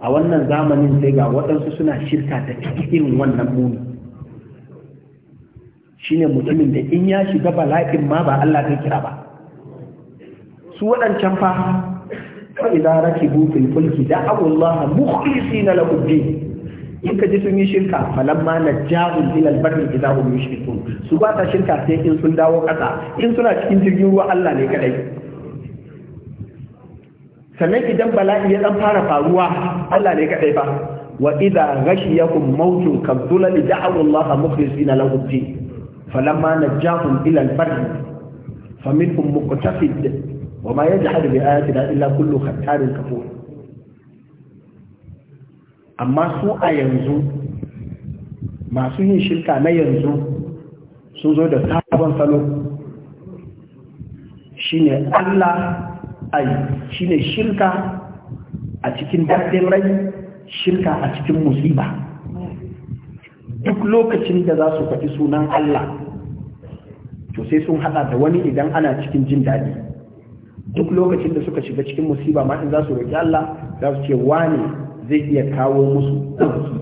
a wannan zamanin sai ga waɗansu suna shirka ta irin wannan muni shine mutumin da in ya shiga bala'in ma ba Allah zai kira ba su waɗancan fa فإذا ركبوا في الفلك دعوا الله مخلصين له الدين in ka ji sun yi shirka falamma na jahun ilal barri idza hum yushrikun su ba ta shirka sai in sun dawo kasa in suna cikin jirgin ruwa Allah ne kadai sannan idan bala'i ya dan fara faruwa Allah ne kadai ba wa idza ghashiyakum mawjun kadhulal da'u Allah mukhlisina lahu din falamma najahum ilal barri faminhum muqtasid wa ma yajhadu bi ayatina illa kullu khattarin kafur amma su a yanzu masu yin shirka na yanzu sun zo da sabon salo shine Allah shine shirka a cikin daɗin rai shirka a cikin musiba duk lokacin da za su faɗi sunan Allah to sai sun haɗa da wani idan ana cikin jin daɗi duk lokacin da suka shiga cikin musiba ma in za su roƙi Allah za su ce wane zai iya kawo musu ɗauki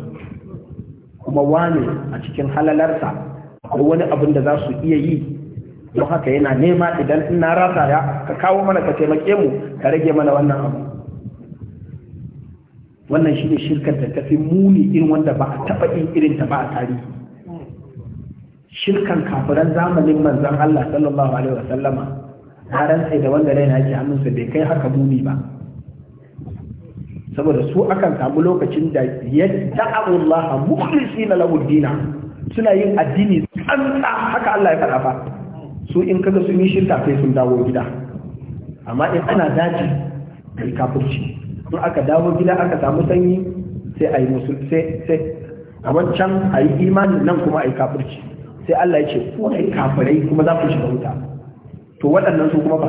kuma wane a cikin halalarsa akwai wani abin da za su iya yi don haka yana nema idan ina rasa ya ka kawo mana ka taimake mu ka rage mana wannan abu wannan shi ne shirkar da tafi muni irin wanda ba a taɓa yin irin ta ba a tarihi shirkan kafiran zamanin manzon Allah sallallahu alaihi wasallama haran sai da wanda raina yake hannunsa bai kai haka muni ba saboda su akan samu lokacin da yadda Allah mukhlisina na suna yin addini tsantsa haka Allah ya fara fa su in kaga sun yi shirka sai sun dawo gida amma in ana daji kai kafirci in aka dawo gida aka samu sanyi sai ayi musul sai sai a wancan yi imani nan kuma yi kafirci sai Allah ya ce ku ai kafirai kuma za ku shiga wuta to waɗannan su kuma ba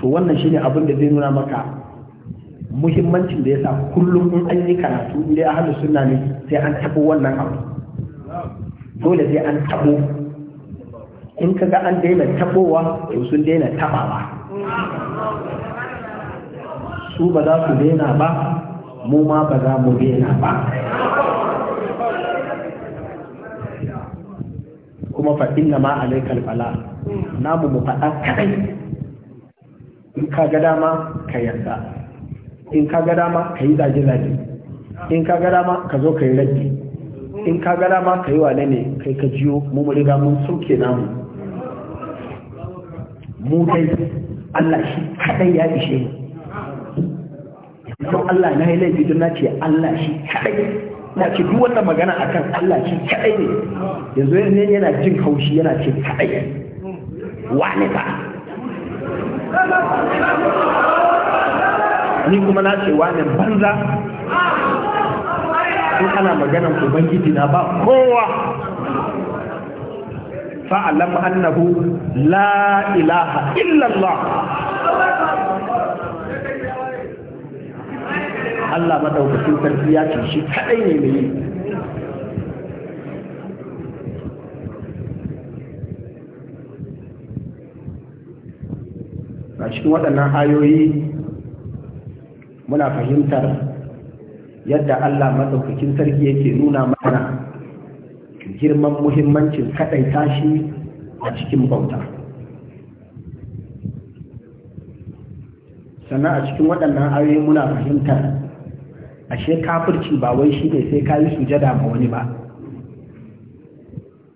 to wannan shi ne abin da zai nuna maka muhimmancin da ya sa kullum in an yi karatu dai a hannu suna ne sai an tabo wannan abu dole sai an tabo in ka ga an daina tabowa to sun daina tabawa su ba za su daina ba mu ma ba za mu daina ba kuma fa inna ma alaikal bala namu mu faɗa kai in ka ga dama ka yarda in ka ga dama ka yi zage zage in ka ga dama ka zo ka yi raddi in ka ga dama ka yi wane ne kai ka jiyo mu mu riga mun sauke namu mu kai Allah shi kadai ya ishe mu Allah na yi laifi don na ce Allah shi kadai na ce duk wannan magana akan Allah shi kadai ne yanzu ne yana jin haushi yana ce kadai wani ba ni kuma na ce wani banza in ana maganan ubangiji na ba kowa fa'alam annahu la ilaha illallah Allah madaukakin sarki ya ce shi kaɗai ne mai yi a cikin waɗannan ayoyi muna fahimtar yadda Allah madaukakin sarki yake nuna mana girman muhimmancin kaɗai tashi a cikin bauta sannan a cikin waɗannan ayoyi muna fahimtar ashe kafirci ba wai shi ne sai ka yi sujada ma wani ba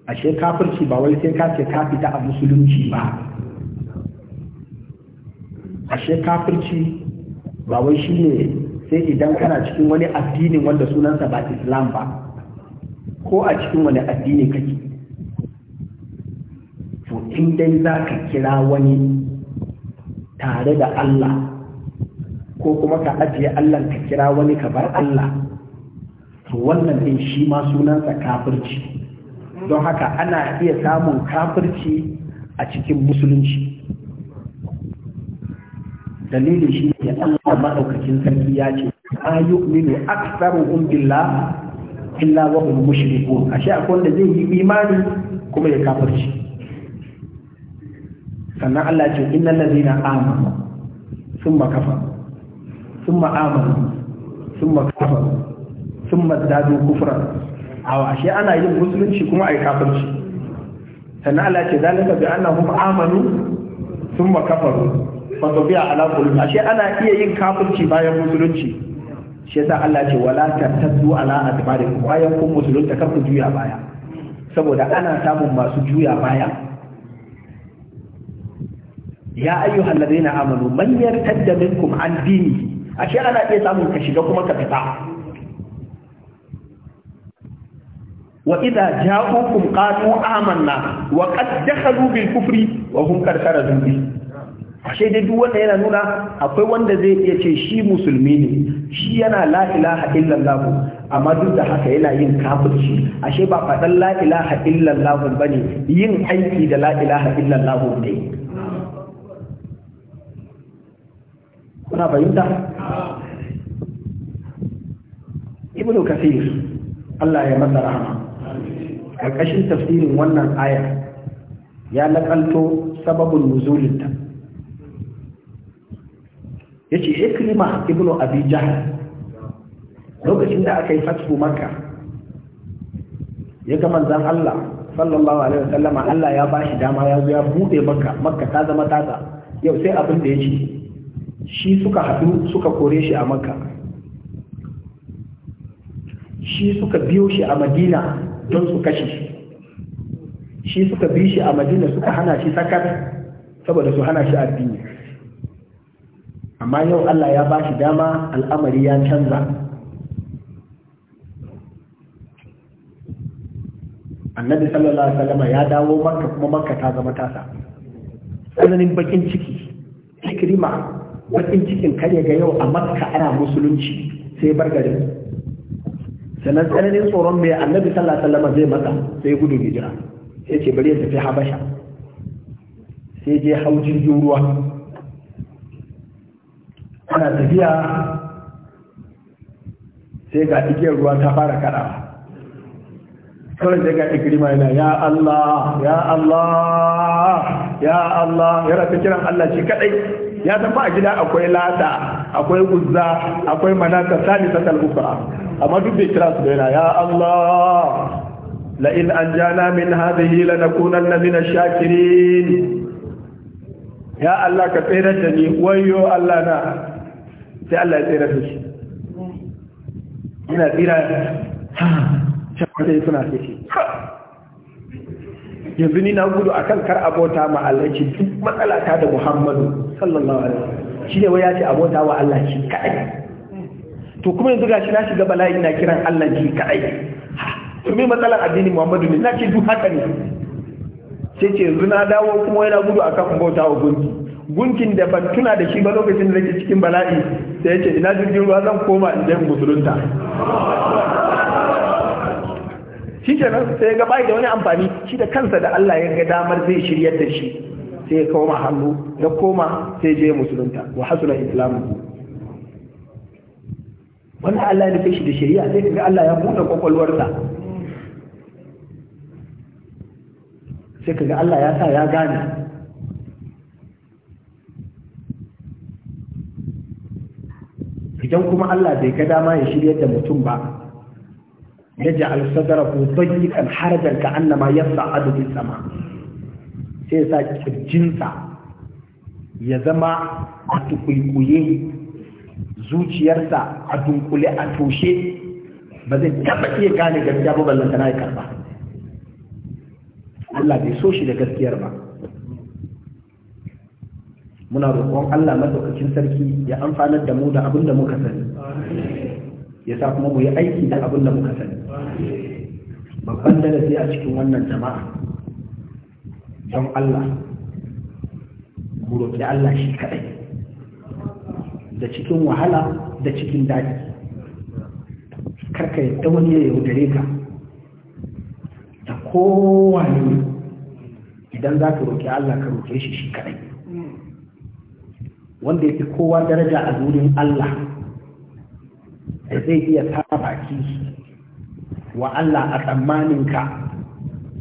ashe kafirci ba wai sai ka ce ka fita a musulunci ba ashe kafirci ba wai shi ne sai idan kana cikin wani addinin wanda sunansa ba islam ba ko a cikin wani addini kake to in dai za ka kira wani tare da allah ko kuma ka ajiye Allah ka kira wani ka bar Allah to wannan din shi ma sunansa kafirci don haka ana iya samun kafirci a cikin musulunci dalilin shi ne Allah maɗaukakin sarki ya ce a yu'minu aktsaruhum billah illa wa hum mushrikun ashe akwai wanda zai yi imani kuma ya kafirci sannan Allah ce innal ladina amanu ba kafa. ثم آمنوا ثم كفروا ثم ازدادوا كفرا أو أشياء أنا يجب مسلم شكما أي كافر شي سنة لا ذلك بأنهم آمنوا ثم كفروا فطبيع على قلوبهم أشياء أنا إيه ين كافر شي بايا مسلم شي shi yasa Allah ce wala tattadu ala adbarikum bayan kun musulunta kar ku juya baya saboda ana samun masu juya baya ya ayyuhal ladina amanu man yartadda minkum an dini ashe ana iya samun ka shiga kuma ka fita wa idza ja'ukum qalu amanna wa qad dakhalu bil kufri wa hum qad kharaju ashe dai duk wanda yana nuna akwai wanda zai iya ce shi musulmi ne shi yana la ilaha illallah amma duk da haka yana yin kafirci ashe ba faɗan la ilaha illallah bane yin aiki da la ilaha illallah ne kuna fahimta ibnu kasir Allah ya masa rahama karkashin tafsirin wannan aya ya nakalto sababin nuzulinta yace ikrima ibnu abi jahl lokacin da aka yi fatu makka ya ga manzon Allah sallallahu alaihi wasallama Allah ya bashi dama ya zo ya bude makka makka ta zama tasa yau sai abin da ya yake shi suka haɗu suka kore shi a makka shi suka biyo shi a madina don su kashe shi shi suka bi shi a madina suka hana shi sakar saboda su hana shi addini amma yau Allah ya ba shi dama al'amari ya canza annabi sallallahu alaihi wasallam ya dawo maka kuma maka ta zama tasa tsananin bakin ciki ikrima bakin cikin kare ga yau a makka ana musulunci sai bar garin sannan tsananin tsoron mai annabi sallallahu alaihi zai masa sai gudu hijira sai ce bari ya tafi habasha sai je hau jirgin ruwa ana tafiya sai ga igiyar ruwa ta fara kadawa kawai sai ga ikrima yana ya Allah ya Allah ya Allah ya rafi kiran Allah shi kadai ya tafi a gida akwai lada, akwai guzza akwai manata sani ta talbuka amma duk da kira su da yana ya Allah la in jana min hadhihi lanakunanna min ash-shakirin ya Allah ka tsere da ni wayo Allah na sai Allah ya tsere da shi ina tsira ha sai suna yanzu ni na gudu akan kar abota ma Allah ki duk matsala ta da Muhammadu sallallahu alaihi wasallam shine wai ya ce abota wa Allah ki kai to kuma yanzu gashi na shiga bala'i na kiran Allah ki kai to me matsalar addini Muhammadu ne na ce duk haka ne sai ce yanzu na dawo kuma yana gudu akan bauta wa gunki gunkin da ban tuna da shi ba lokacin da nake cikin bala'i sai ya ce ina jirgin ruwa zan koma in je musulunta shi kenan sai ga bai da wani amfani shi da kansa da Allah ya ga damar zai shiryar da shi sai ya koma hannu da koma sai je musulunta wa hasuna islamu wanda Allah ya nufe shi da shari'a sai ga Allah ya buɗe kwakwalwarsa sai kaga Allah ya sa ya gane idan kuma Allah bai ga dama ya shiryar da mutum ba yaj'al sadrahu dayyiqan harajan ka annama yas'adu bis sama sai sa kirjinsa ya zama a tukuikuye zuciyarsa a dunkule a toshe ba zai taba iya gane gaskiya ba ballan tana ya karba Allah bai so shi da gaskiyar ba muna roƙon Allah madaukakin sarki ya amfanar da mu da abin da muka sani ya sa kuma mu yi aiki da abin da muka sani babban darasi a cikin wannan jama'a don Allah mu roƙi Allah shi kaɗai da cikin wahala da cikin daɗi karka yadda wani ya yaudare ka da kowane idan za ka roƙi Allah ka roƙe shi shi kaɗai wanda ya fi kowa daraja a zurin Allah zai iya sa baki wa Allah a tsammaninka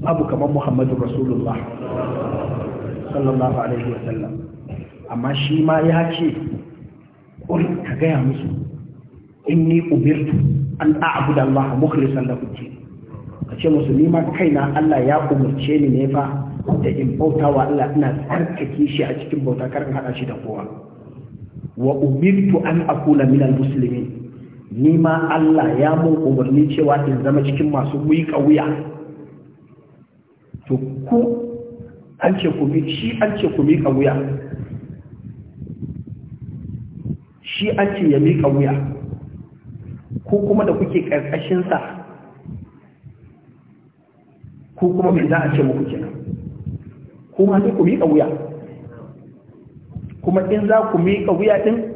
babu kamar Muhammadu Rasulullah sallallahu alaihi wa sallam amma shi ma ya ce ƙuri ka gaya musu in ni umirtu, an a'budu Allah mukhlishan lahu din ka ce musu ni ma kaina Allah ya umarce ni ne fa da in bauta wa Allah ina tsarkake shi a cikin bauta kar in hada shi da kowa wa umirtu an akuna minal muslimin ni ma Allah ya mun umarni cewa in zama cikin masu wuyuka wuya to ku an ce ku shi an ce ku miƙa wuya shi an ce ya miƙa wuya ku kuma da kuke ƙarƙashinsa ku kuma mai za a ce muku kenan kuma sai ku miƙa wuya kuma in za ku miƙa wuya ɗin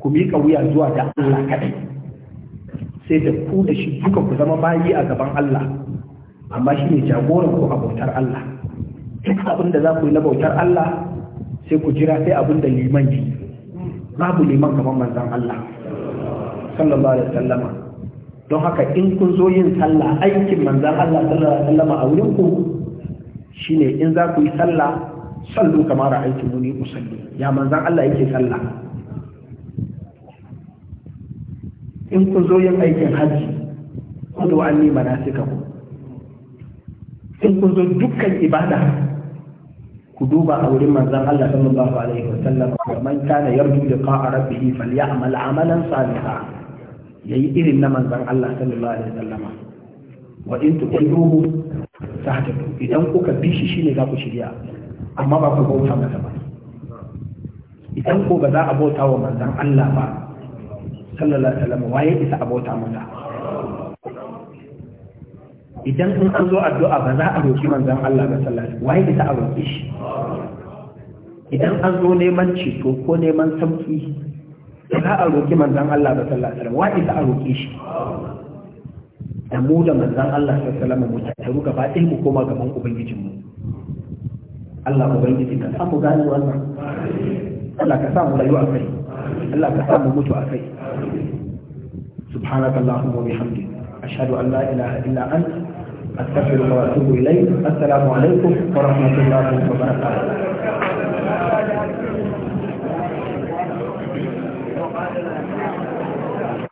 ku miƙa wuya zuwa da Allah kaɗai sai da ku da shi duka ku zama bayi a gaban Allah amma shi ne jagoran ku a bautar Allah duk abin da za ku yi na bautar Allah sai ku jira sai abin da liman ji babu liman gaban manzon Allah sallallahu alaihi wasallama don haka in kun zo yin sallah aikin manzan Allah sallallahu alaihi wasallama a wurin ku shine in za ku yi sallah sallu kamar aikin muni usalli ya manzan Allah yake sallah in kun zo yin aikin hajji kudu an ni manasika ku in kun zo dukkan ibada ku duba a wurin manzan Allah sallallahu alaihi wa sallam man kana yarju liqa'a rabbih falyamal amalan salihan yayi irin na manzan Allah sallallahu alaihi wa sallama wa in tuqiruhu sahtatu idan kuka bi shi shine za ku shirya amma ba ku bauta masa ba idan ko ba za a bauta wa manzon Allah ba sallallahu alaihi wasallam waye isa abota mata idan in an zo addu'a ba za a roki manzon Allah ba sallallahu alaihi waye isa a roki shi idan an zo neman ceto ko neman sauki ba za a roki manzon Allah ba sallallahu alaihi wasallam waye isa a roki shi da mu da manzon Allah sallallahu alaihi wasallam mu tattaru gaba ɗaya mu koma gaban ubangijinmu Allah ubangiji ka samu gane wannan Allah ka samu rayuwa kai الله تسمى موت وعفي سبحانك اللهم وبحمدك أشهد أن لا إله إلا أنت أستغفرك وأتوب إليك السلام عليكم ورحمة الله وبركاته